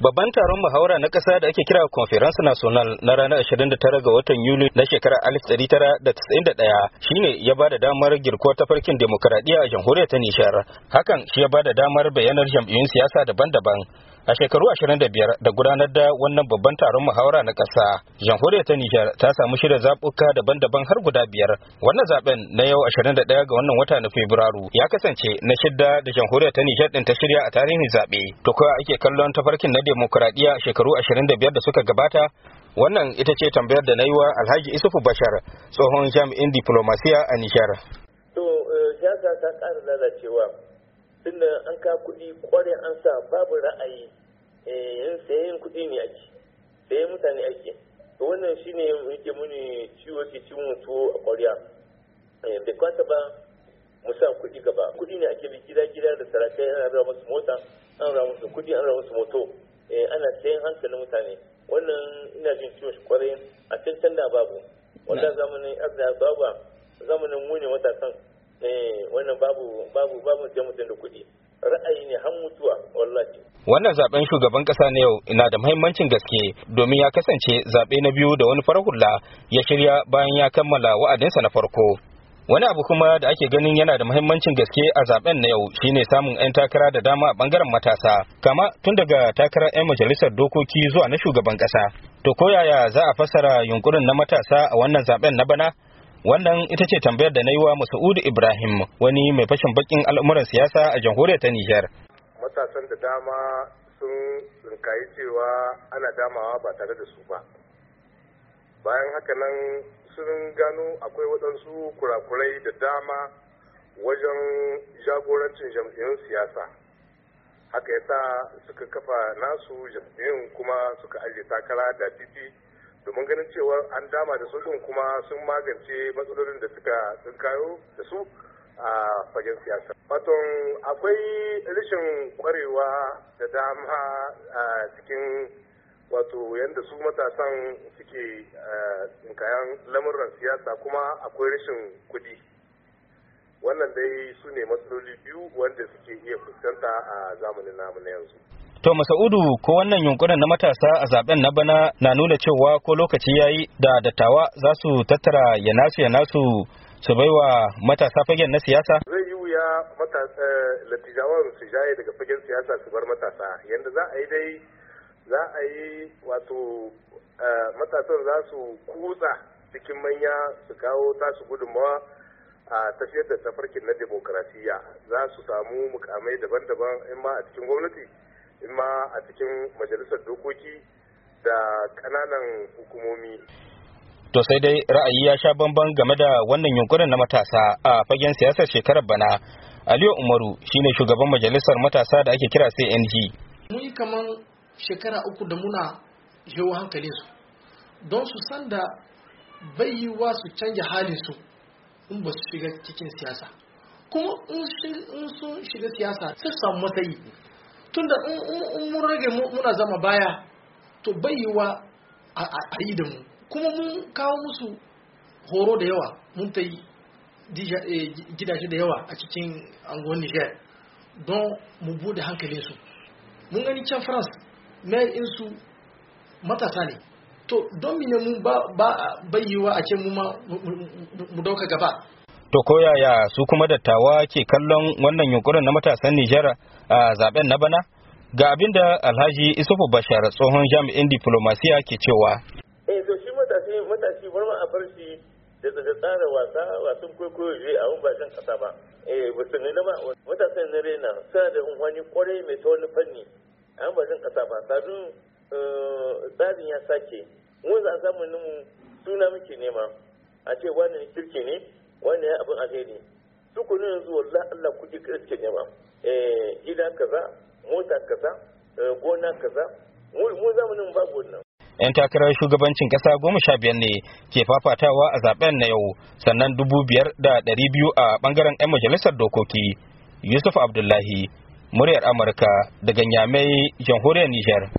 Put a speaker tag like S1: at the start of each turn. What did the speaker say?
S1: Babban taron muhawara na ƙasa da ake kira Conference National na ranar 29 ga watan Yuli na shekarar 1991 shine ya ba da damar girko ta farkin demokradiyya a jamhuriyar ta Nishar. Hakan shi ya ba da damar bayanar jam'iyyun siyasa daban-daban a shekaru 25 da gudanar da wannan babban taron muhawara na ƙasa jamhuriyar ta nijar ta samu shirya zaɓuka daban-daban har guda biyar wannan zaben na yau 21 ga wannan wata na fabrairu ya kasance na shidda da jamhuriyar ta nijar ɗin ta shirya a tarihin zaɓe to kuwa ake kallon tafarkin na demokuraɗiyya shekaru 25 da suka gabata wannan ita ce tambayar da na yi wa alhaji isufu bashar tsohon jami'in diplomasiya a nijar.
S2: to Jaza eh, ta ƙara
S3: lalacewa tunda an ka kuɗi ƙwarin an sa babu ra'ayi yin eh, sayen kuɗi ne ake sayen mutane ake to wannan shi ne yake muni ciwo ke ciwon mutu a ƙwarya eh, bai kwata ba mu sa kuɗi gaba kuɗi ne ake bi gida gida da sarakai ana ra musu mota an ra musu kuɗi an ra musu moto eh, ana sayan hankalin mutane wannan ina jin ciwon shi ƙwarai a can can da babu wanda zamanin arzikin babu zamanin mu matasan Eh, wannan babu babu babu da da kuɗi ra'ayi ne har mutuwa wallahi
S1: wannan zaben shugaban kasa na yau na da mahimmancin gaske domin ya kasance zabe na biyu da wani farar hula ya shirya bayan ya kammala wa'adinsa na farko wani abu kuma da ake ganin yana da mahimmancin gaske a zaben na yau shine samun 'yan takara da dama a bangaren matasa kama tun daga takarar 'yan majalisar dokoki zuwa na shugaban kasa to koyaya za a fassara yunkurin na matasa a wannan zaben na bana Wannan ita ce tambayar da na yi wa Masa'udu Ibrahim wani mai fashin bakin al'amuran siyasa a jamhuriyar ta Nijar.
S2: Matasan da dama sun rinkayi cewa ana damawa ba tare da su ba. Bayan haka nan sun gano akwai waɗansu kurakurai da dama wajen jagorancin jam'iyyun siyasa. Haka yasa suka kafa nasu jam'iyyun kuma suka ajiye takara da titi. domin ganin cewa an dama da sojin kuma sun magance matsalolin da suka sun kayo da su a fagen siyasa. faton akwai rashin kwarewa da dama a cikin wato yadda su matasan suke tsinkayen lamuran siyasa kuma akwai rashin kuɗi. Wannan dai su ne matsaloli biyu wanda suke iya fuskanta a zamanin namu na yanzu.
S1: To Masaudu ko wannan yunkurin na matasa a zaben na bana na nuna cewa ko lokaci yayi da dattawa za su tattara ya nasu ya nasu su baiwa matasa fagen na siyasa?
S2: Zai yi wuya matasa eh, latijawa su jaye daga fagen siyasa su bar matasa yadda za a yi dai za a yi wato eh, matasan za su kutsa cikin manya su kawo tasu gudunmawa a tafiyar da tafarkin na demokarasiyya za su samu mukamai daban-daban in ma a cikin gwamnati a cikin majalisar dokoki da kananan hukumomi.
S4: To sai dai
S1: ra'ayi ya sha bamban game da wannan yunkurin na matasa a fagen siyasar shekarar bana. Aliyu Umaru shine shugaban majalisar matasa da ake kira CNG.
S4: Mun yi kaman shekara uku da muna jawo hankali su don su san da bai wa su canja halin su in ba su shiga cikin siyasa. Kuma in sun shiga siyasa sai su samu matsayi tunda in mun rage muna zama baya to bai a yi da mu kuma mun kawo musu horo da yawa mun ta yi eh, gidaje da yawa a cikin angon niger don mu bude hankalinsu mun gani can france mai su matasa ne to don mine mun ba a ce mu ma mu dauka gaba
S1: To koyaya su kuma dattawa ke kallon wannan yunkurin na matasan Nijar a zaben na bana? Ga abin da Alhaji Isufu Bashar tsohon jami'in diplomasiya ke cewa.
S3: Eh to shi matashi matashi bar ma a bar shi da da tsara wasa wasan kwaikwayo je a wani bashin kasa ba. Eh ba su ba matasan na rena suna da wani kwarai mai ta fanni a wani bashin kasa ba sadu eh, tsarin ya sake. Mu za a zamanin mu suna muke nema a ce wannan kirki ne wanda ya abin alheri tukunin yanzu wallah Allah kuke ne ma eh gida kaza mota kaza eh, gona kaza mu zamanin babu wannan
S1: 'yan takarar shugabancin kasa goma sha biyar ne ke fafatawa a zaben na yau sannan dubu biyar da ɗari biyu a ɓangaren 'yan majalisar dokoki yusuf abdullahi muryar amurka daga nyamai jamhuriyar nijar